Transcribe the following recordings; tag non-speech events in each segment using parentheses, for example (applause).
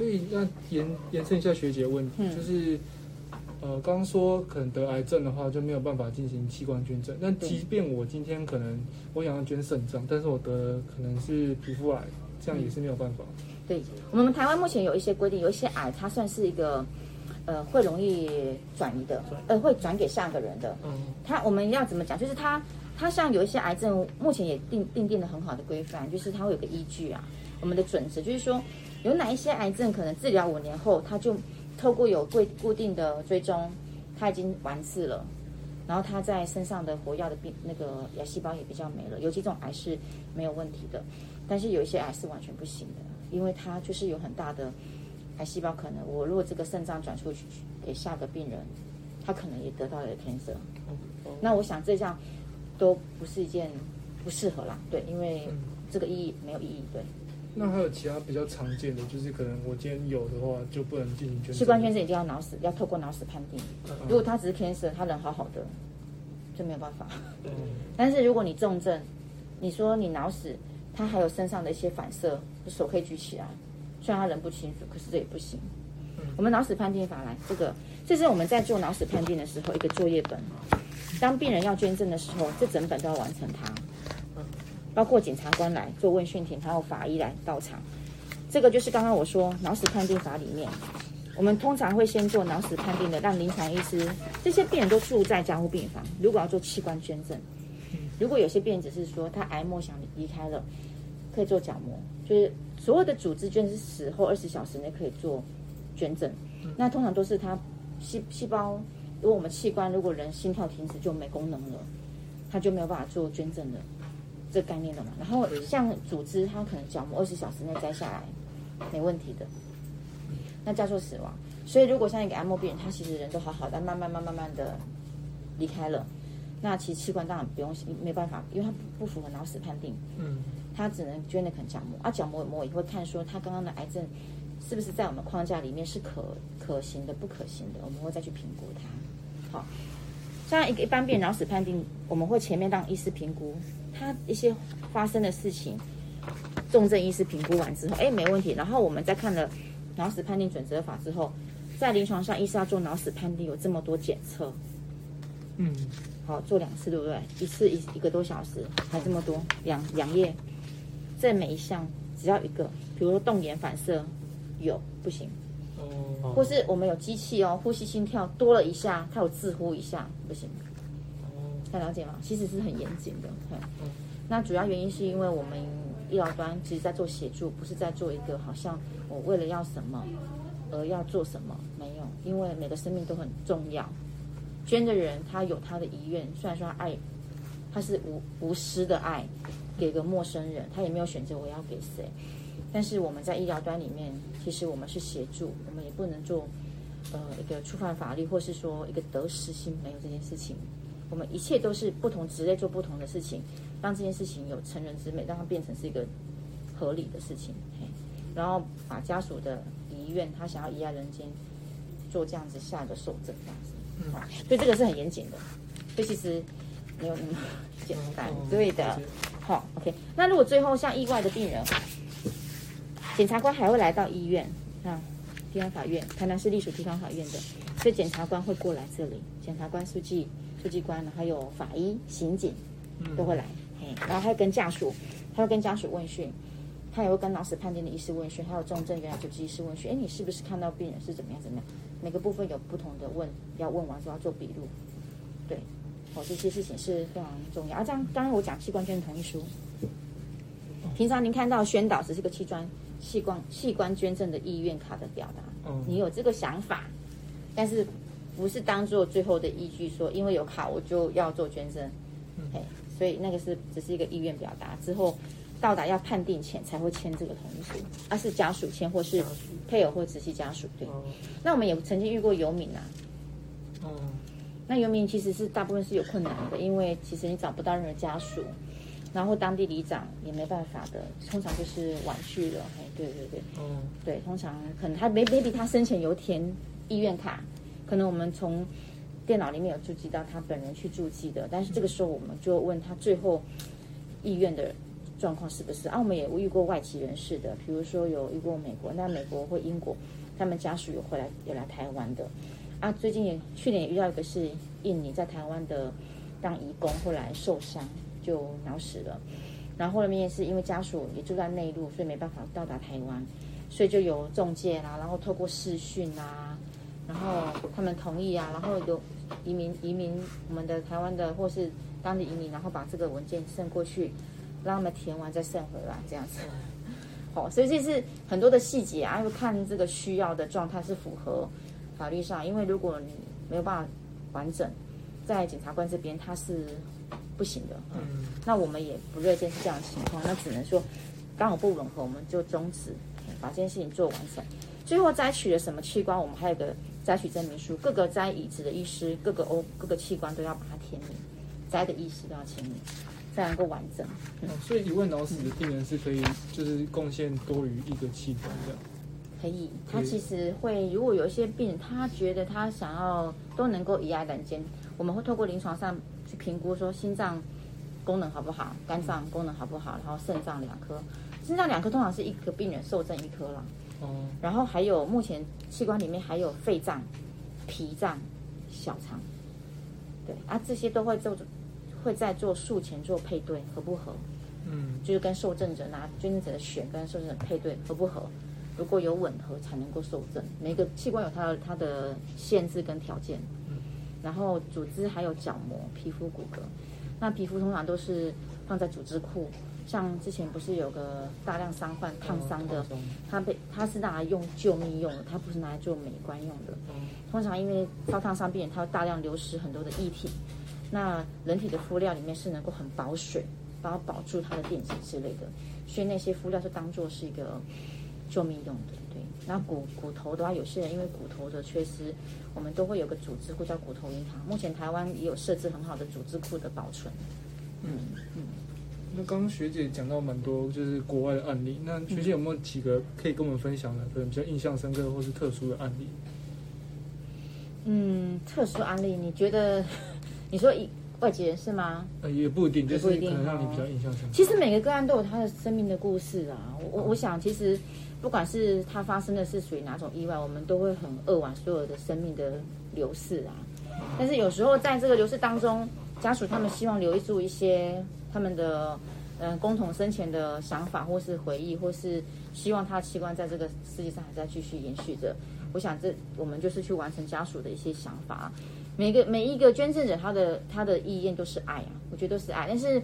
所以，那延延伸一下學姐的問題、嗯，就是，呃，剛剛說可能得癌症的話就沒有辦法進行器官捐贈。那、嗯、即便我今天可能我想要捐腎臟，但是我得可能是皮膚癌，這樣也是沒有辦法。嗯、對，我們台灣目前有一些規定，有一些癌它算是一個，呃，會容易轉移的，呃，會轉給下一個人的。嗯，他我們要怎麼講？就是他他像有一些癌症，目前也定定定了很好的規範，就是它會有個依據啊，我們的準則就是說。有哪一些癌症可能治療五年後，他就透過有固固定的追蹤，他已經完治了，然後他在身上的活躍的病那個癌細胞也比較沒了。有幾種癌是沒有問題的，但是有一些癌是完全不行的，因為它就是有很大的癌細胞可能。我如果這個腎臟轉出去給下個病人，他可能也得到了一個天色、嗯嗯、那我想這樣都不是一件不適合啦，對，因為這個意義沒有意義，對。那還有其他比較常見的，就是可能我今天有的話就不能進行捐贈。器官捐贈一定要腦死，要透過腦死判定。如果他只是偏失，他人好好的，就沒有辦法。但是如果你重症，你說你腦死，他還有身上的一些反射，手可以舉起來，雖然他人不清楚，可是這也不行。我們腦死判定法來，這個這是我們在做腦死判定的時候一個作業本。當病人要捐贈的時候，這整本都要完成它。包括檢察官來做問訊庭，還有法醫來到場。這個就是剛剛我說腦死判定法裡面，我們通常會先做腦死判定的，讓臨床醫師。這些病人都住在加護病房，如果要做器官捐贈，如果有些病人只是說他癌末想離開了，可以做角膜，就是所有的組織捐贈是死後二十小時內可以做捐贈。那通常都是他細細胞，如果我們器官如果人心跳停止就沒功能了，他就沒有辦法做捐贈了。這個、概念的嘛，然後像組織，它可能角膜二十小時內摘下來沒問題的，那叫做死亡。所以如果像一個癌末病人，他其實人都好好的，慢慢、慢、慢慢的離開了，那其實器官當然不用沒辦法，因為他不符合腦死判定。嗯，他只能捐的肯角膜，啊，角膜我們也會看說他剛剛的癌症是不是在我們框架裡面是可可行的、不可行的，我們會再去評估它。好，像一個一般病人腦死判定，我們會前面當醫師評估。他一些發生的事情，重症醫師評估完之後，哎、欸，沒問題。然後我們再看了腦死判定準則法之後，在臨床上醫師要做腦死判定，有這麼多檢測，嗯，好，做兩次對不對？一次一一個多小時，還這麼多，兩兩頁。這每一項只要一個，比如說，動眼反射有不行，哦，或是我們有機器哦，呼吸心跳多了一下，它有自呼一下不行。大家了解嗎？其實是很嚴謹的對。那主要原因是因為我們醫療端其實在做協助，不是在做一個好像我為了要什麼而要做什麼，沒有，因為每個生命都很重要。捐的人他有他的遺願，雖然說他愛他是無無私的愛，給個陌生人他也沒有選擇我要給誰。但是我們在醫療端裡面，其實我們是協助，我們也不能做呃一個觸犯法律或是說一個得失心，沒有這件事情。我們一切都是不同職業做不同的事情，讓這件事情有成人之美，讓它變成是一個合理的事情。嘿，然後把家屬的遺願，他想要遺愛人間，做這樣子下一個受贈這樣嗯、哦，所以這個是很嚴謹的。所以其實沒有那麼簡單，嗯嗯。對的。好，嗯哦，OK。那如果最後像意外的病人，檢察官還會來到醫院，啊，地方法院，台南是隸屬地方法院的，所以檢察官會過來這裡。檢察官書記。書記官，還有法醫、刑警，都會來。嗯、然後還有跟家屬，還有跟家屬問訊，他也會跟老師判定的醫師問訊，還有重症原來主治醫師問訊。哎，你是不是看到病人是怎麼樣怎麼樣？每個部分有不同的問，要問完之後要做筆錄。對，哦，這些事情是非常重要。啊，這樣剛剛我講器官捐贈同意書，平常您看到宣導只是個器官、器官、器官捐贈的意願卡的表達。嗯，你有這個想法，但是。不是當做最後的依據，說因為有卡我就要做捐身。哎、嗯，所以那個是只是一個意願表達。之後到達要判定前才會簽這個同意書，而、啊、是家屬簽或是配偶或直系家屬對、嗯。那我們也曾經遇過遊民啊，哦、嗯，那遊民其實是大部分是有困難的，因為其實你找不到任何家屬，然後當地里長也沒辦法的，通常就是婉去了。哎，對對對，嗯，對，通常可能他沒 a 比 b 他生前有填醫院卡。可能我們從電腦裡面有注記到他本人去注記的，但是這個時候我們就問他最後意願的狀況是不是？啊，我們也遇過外籍人士的，比如說有遇過美國，那美國或英國，他們家屬有回來有來台灣的，啊，最近也去年也遇到一個是印尼在台灣的當移工，後來受傷就腦死了，然後後面也是因為家屬也住在內陸，所以沒辦法到達台灣，所以就有仲介啦、啊，然後透過視訊啊。然後他們同意啊，然後有移民移民我們的台灣的或是當地移民，然後把這個文件送過去，讓他們填完再送回來這樣子。好、哦，所以這是很多的細節啊，要看這個需要的狀態是符合法律上，因為如果你沒有辦法完整在檢察官這邊他是不行的嗯。嗯。那我們也不樂見是這樣的情況，那只能說剛好不吻合，我們就終止、嗯、把這件事情做完整。最後摘取了什麼器官，我們還有個摘取證明書，各個摘、移植的醫師，各個歐、各個器官，都要把它簽名，摘的醫師都要簽名，才能夠完整。哦、所以，一位腦死的病人是可以，嗯、就是貢獻多於一個器官這樣。可以，他其實會，如果有一些病人，他覺得他想要都能夠遺愛人間，我們會透過臨床上去評估，說心臟功能好不好，肝臟功能好不好，然後腎臟兩顆，腎臟兩顆通常是一個病人受贈一顆了。然後還有目前器官裡面還有肺臟、脾臟、小腸，對啊，這些都會做，會在做術前做配對合不合，嗯，就是跟受贈者拿捐贈者的血跟受贈者配對合不合，如果有吻合才能夠受贈。每一個器官有它的它的限制跟條件，嗯，然後組織還有角膜、皮膚、骨骼，那皮膚通常都是。放在組織庫，像之前不是有個大量傷患燙傷的，他被他是拿來用救命用的，他不是拿來做美觀用的。通常因為燒燙傷病人，他會大量流失很多的液體，那人體的敷料裡面是能夠很保水，然後保住它的電解質之類的，所以那些敷料就當做是一個救命用的。對，那骨骨頭的話，有些人因為骨頭的缺失，我們都會有個組織庫叫骨頭銀行，目前台灣也有設置很好的組織庫的保存。嗯嗯，那剛剛學姐講到蠻多，就是國外的案例。那學姐有沒有幾個可以跟我們分享的，可、嗯、能比較印象深刻或是特殊的案例？嗯，特殊案例，你覺得你說一外籍人士嗎？呃、欸，也不一定，就是可能讓你比較印象深刻。哦，其實每個個案都有他的生命的故事啊。我我想，其實不管是他發生的是屬於哪種意外，我們都會很扼腕所有的生命的流逝啊。但是有時候在這個流逝當中，家屬他們希望留住一些他們的，嗯、呃，共同生前的想法，或是回憶，或是希望他的器官在這個世界上還在繼續延續着。我想這，這我們就是去完成家屬的一些想法。每個每一個捐贈者，他的他的意願都是愛啊，我覺得都是愛。但是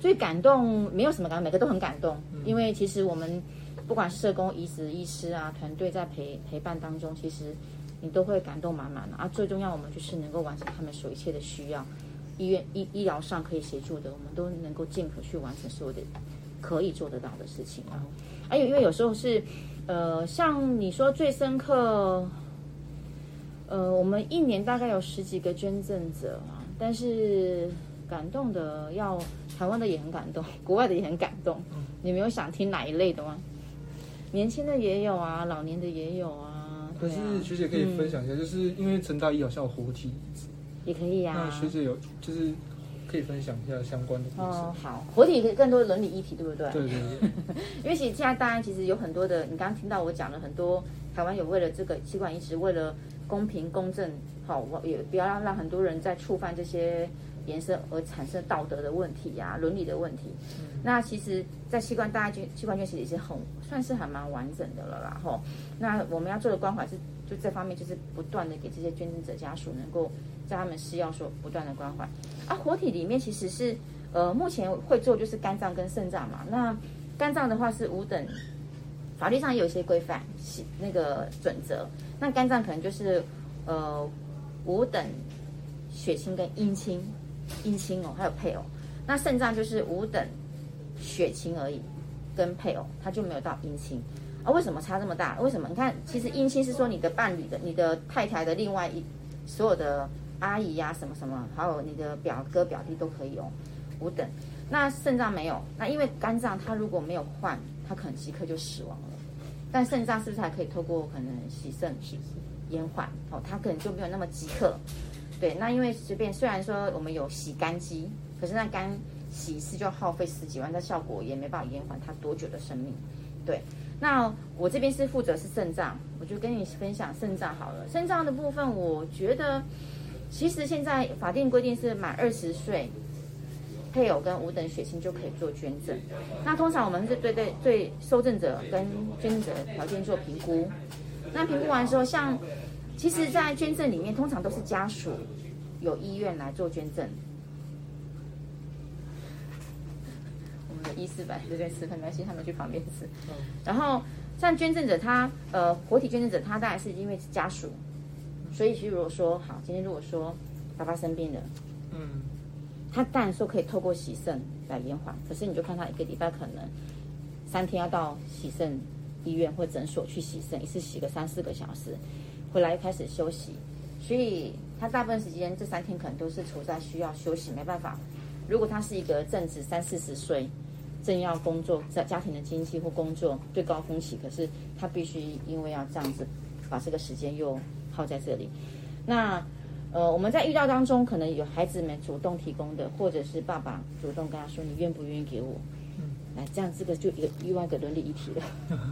最感動，沒有什麼感動，每個都很感動，因為其實我們不管是社工、移植醫師啊，團隊在陪陪伴當中，其實你都會感動滿滿的。而、啊、最重要，我們就是能夠完成他們所一切的需要。醫院醫醫療上可以協助的，我們都能夠盡可去完成所有的可以做得到的事情啊。還、啊、有，因為有時候是，呃，像你說最深刻，呃，我們一年大概有十幾個捐贈者啊，但是感動的要，要台灣的也很感動，國外的也很感動。你沒有想聽哪一類的嗎？年輕的也有啊，老年的也有啊。可是、啊、學姐可以分享一下，嗯、就是因為成大醫療像有活體。也可以呀、啊。那學姐有就是可以分享一下相關的東西。哦，好，活體更更多的倫理議題，對不對？對對對。 (laughs) 因為其實現在大家其實有很多的，你剛剛聽到我講了很多，台灣有為了這個器官移植，為了公平公正，好、哦，我也不要讓讓很多人再觸犯這些顏色而產生道德的問題呀、啊、倫理的問題。嗯、那其實，在器官大家捐器官捐，其實也是很算是還蠻完整的了啦。吼、哦，那我們要做的關懷是。就這方面就是不斷的給這些捐贈者家屬能夠在他們需要說不斷的關懷。啊，活體裡面其實是呃目前會做就是肝臟跟腎臟嘛，那肝臟的話是五等，法律上也有一些規範那個準則，那肝臟可能就是呃五等血親跟姻親、姻親，哦，還有配偶，那腎臟就是五等血親而已跟配偶，它就沒有到姻親。啊、哦，為什麼差這麼大？為什麼？你看，其實姻親是說你的伴侶的、你的太太的另外一所有的阿姨呀、啊，什麼什麼，還有你的表哥表弟都可以哦。五等，那腎臟沒有，那因為肝臟它如果沒有換，它可能即刻就死亡了。但腎臟是不是還可以透過可能洗腎去延緩？哦，它可能就沒有那麼即刻。對，那因為隨便雖然說我們有洗肝機，可是那肝洗一次就耗費十幾萬，那效果也沒辦法延緩它多久的生命。對。那我這邊是負責是腎臟，我就跟你分享腎臟好了。腎臟的部分，我覺得其實現在法定規定是滿二十歲，配偶跟五等血親就可以做捐贈。那通常我們是對對對受贈者跟捐贈者條件做評估。那評估完之後，像其實，在捐贈裡面，通常都是家屬有醫院來做捐贈。一四班這邊吃，可能先他們去旁邊吃。然後像捐贈者他，他呃，活體捐贈者，他大概是因為家屬，所以其實如果說好，今天如果說爸爸生病了，嗯，他但說可以透過洗腎來延緩，可是你就看他一個禮拜可能三天要到洗腎醫院或診所去洗腎，一次洗個三四個小時，回來又開始休息，所以他大部分時間這三天可能都是處在需要休息，沒辦法。如果他是一個正值三四十歲。正要工作，在家庭的經濟或工作最高峰期，可是他必須因為要這樣子，把這個時間又耗在這裡。那，呃，我們在遇到當中，可能有孩子們主動提供的，或者是爸爸主動跟他說：“你願不願意給我？”嗯，來這樣，這個就一個另外一個倫理議題了。